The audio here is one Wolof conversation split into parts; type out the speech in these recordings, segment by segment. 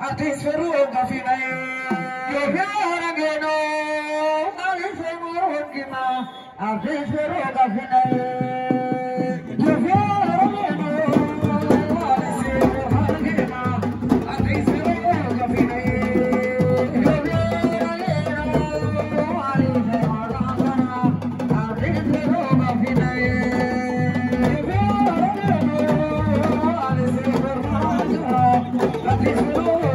I'll be sure of the finale. Let's go.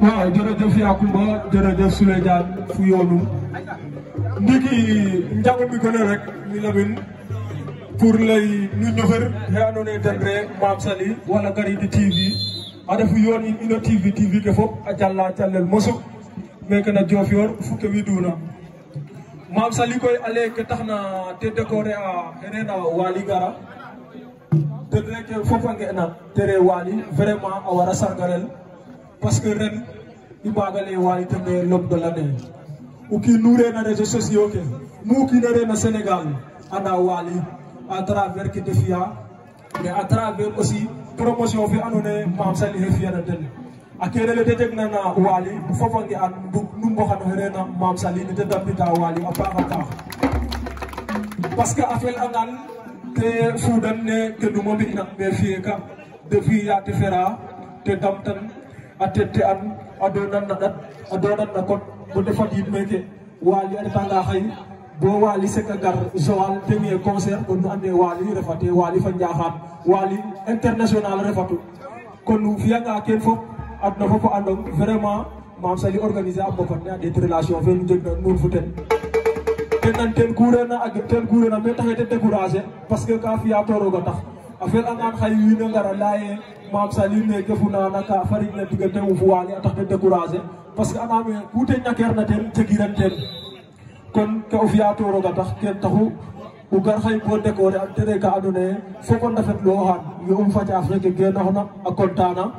waaw jërëjëf Yakuba jërëjëf Souleymane fu yoonu ndiki njàng mi gën a rek mi lamin pour lay nu ñëfër he andoona yee tan ree Mame Saly walla Garidi TV aɗa fu yoon in ino TV TV ke fof a jalla callel mosu meke na Diofior fu ke widuna Mame Saly koy ale ke taxna te décoré a xenena Wali gara ten rek fofange'na tere Wali vraiment a wara sargalel parce que ren imbagale wawi teme l'homme de l'année o ki nurena réseaux sociaux ke mu kinerena sénégal anda waali à travers ke defiya mais à travers aussi promotion fe ando naye mam sali he fiyana den a kenele de jegnana waali fofange an nu mboxano xerena mam sali ne te dambita waali a paaxa paax parce que a fel te fudan ne ke numa mbi'na me fiye kam defi yaate fera te damtan attette an a donanna ɗat a donanna kot bo defadiid meeke waali a retanga xaye bo waali sek a gar Joal premier concert kon nu ande refate waali fa Njaxaan waali international refatu kon nu fiyanga ken fop adna fop a andong vraiment Mame Saly organiser a mbofat ne a ɗeet relation fe nu njegna nuun fo ten ten nan ten kuurena a ten kuurena me taxe te décourager parce que ka fiya to a tax affaire angaan xay wiin we ngara laye maam Salim ne gefuna naka farig na diggante wu fu waale a tax de décourager parce que andaam e ku te ñakeer a tax ken taxu o gar xay bo décorer an te reka andoona yee fook o ndafetlu um a kontaana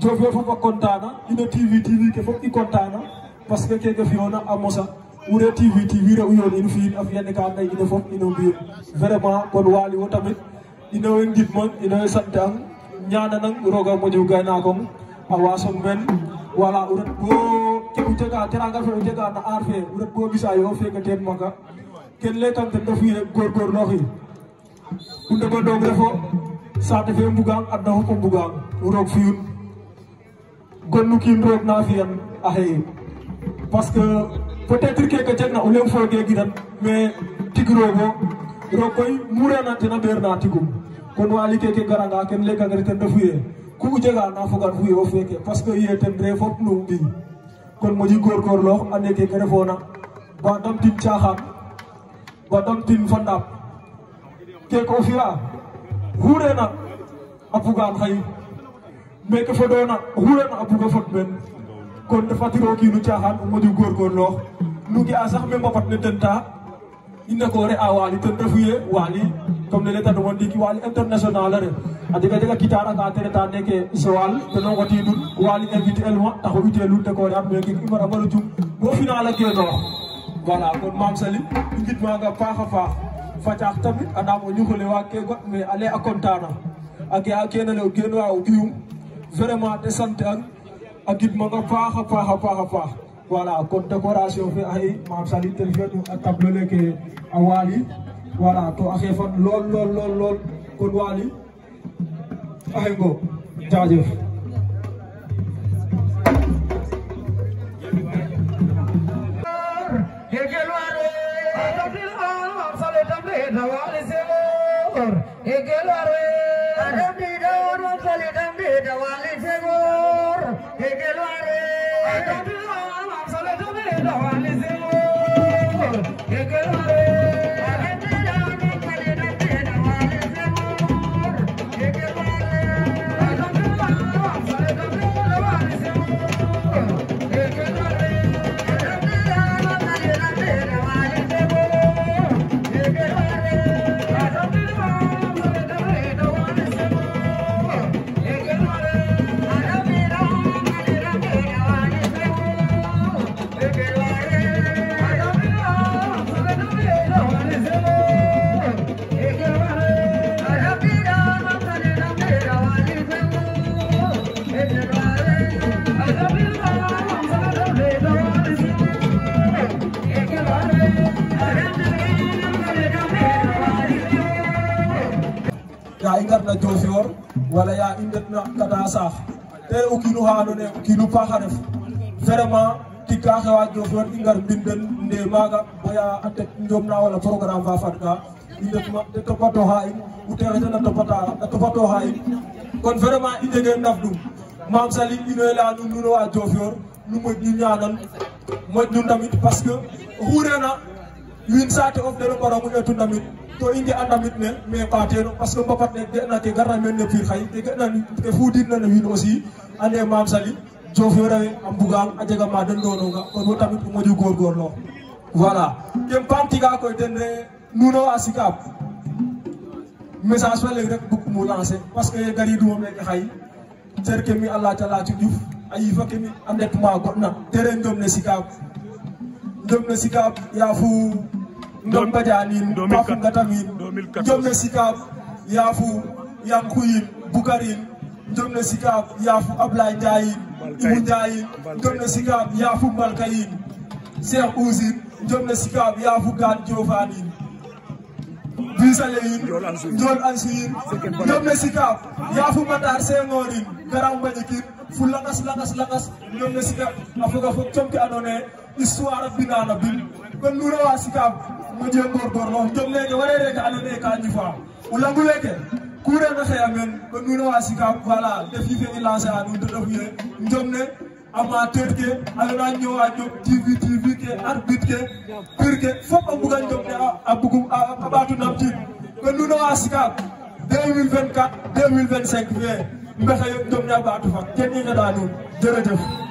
Diofior fop a kontaana ino TV TV ke fop i kontaana parce que keke fi'oona a mosa wure TV TV re u yoon in fi'in a fi'ane ka andoona yee ino fop ino mbi'in vraiment kon Waly wo tamit inowe gidmon inowe sante am ñananan roga moƴo gaynakon a wason men wala o ret bo keɓu jega terangal fe o jega no ar fe o ret bo ɓisayo o fega ten maga ken ley kam ten refu ye gorgorloxi o ndego doog refo saate fe mbugang adna fop roog fiyun gonnu kiin roog na fiyan a parce que peut être keke jegna o leŋ foge ginan mais tig roogo roog koy murena tena ɓeerna tigum kon wali keke garanga ken le gagare ten refu ye ku jega na fogan fu yo feke parce que ye ten re fop nu mbi kon moƴi gorgorloox ande keke refona ba dam tin caaxaan ba tin fa ndaap keke o fi'a xu rena a bugaan xaye meke fodona xu rena a buga fod men kon refatiro nu nge'a sax me mbapat ne ten innakore a waali ten refuye waali comme ne leytanuma ndiiki waali international are a jega jega guitare anga te reta neke sowal teno nqotidun waali invité el ma taxu itelun décoré am meke i mbara mbaro cung bo final a genoox voilà kon Mame Salim i ngid maaga paax a paax facax tamit andaam o ñuxale waag ke god mais ale a contana a ge'a kene le o genwa o ƴiyum vraiment te sant an a gidmanga paax a paax a paax voilà condecoration fe axe mam salit ten fi'anu a tableau leke a Waly voilà to a xefan lool lool lool lool kon Waly a i ngarna Diofior wala ya i ndetna kata saax te o kiino xa andoona paax a ref vraiment tig ka xewa Diofior i ngar mbind den nde maaga baya a na wala programme fa fadka i ndetma ta topatooxa in o teexe ten a topatooxa in kon vraiment i njegee ndafdum Mame Saly ino i laya nuun nuun wa Diofior nu moƴ nu ñaanan moƴ nu ndamit parce que oxu win sate of ɗeɗo ɓara muƴatu ndamit to i nje'andamit ne mais ɓateno parce que mbapat ne ge'na ke garna meen no piir xaye ke ge'na ke fudirna no wiin aussi ande Mame Saly jofiyorawe a mbugaan a jega ma den dononga kon wo tamit i moƴu goorgoorloox voilà kem paam tiga koy ten re nuuno a sikaab message eh, fa leg rek bug mu lancer eh. parce eh, que ye gariduma meke xaye cer ke mi a laaca a yiifa ke a ndet ma goɗna tere njom ne sikaab ndom badianin kafu ngatamin jomne sikab yaafu yankuyin bukarin jomne sikab yaafu ablay jayin ibu jayin jomne sikab yaafu mbalkayin cheikh ousin jomne sikab yaafu gan jofanin bisaleyin jol ansuyin jomne yaafu matar sengorin garam bañikin fu lakas lakas lakas jomne sikab a foga fog comke histoire a binana bin kon nu o je gorgorlo tom leke warere ka andoona yee ka jufaa o lang leke ku reena xey a meen ɓe nuun owa sika voilà def yi fe i lancé a nuun ten refu yee njom ne amateur ke andoona ñoowa ñoom TV TV ke arbitre ke pur ke fop a mbuga ne a bugum a ɓaatu nam tiig ɓe nuun owa sika 2024 2025 fe mbexey njom ne a ɓaatu fak ten i ngeɗa nuun jërëjëf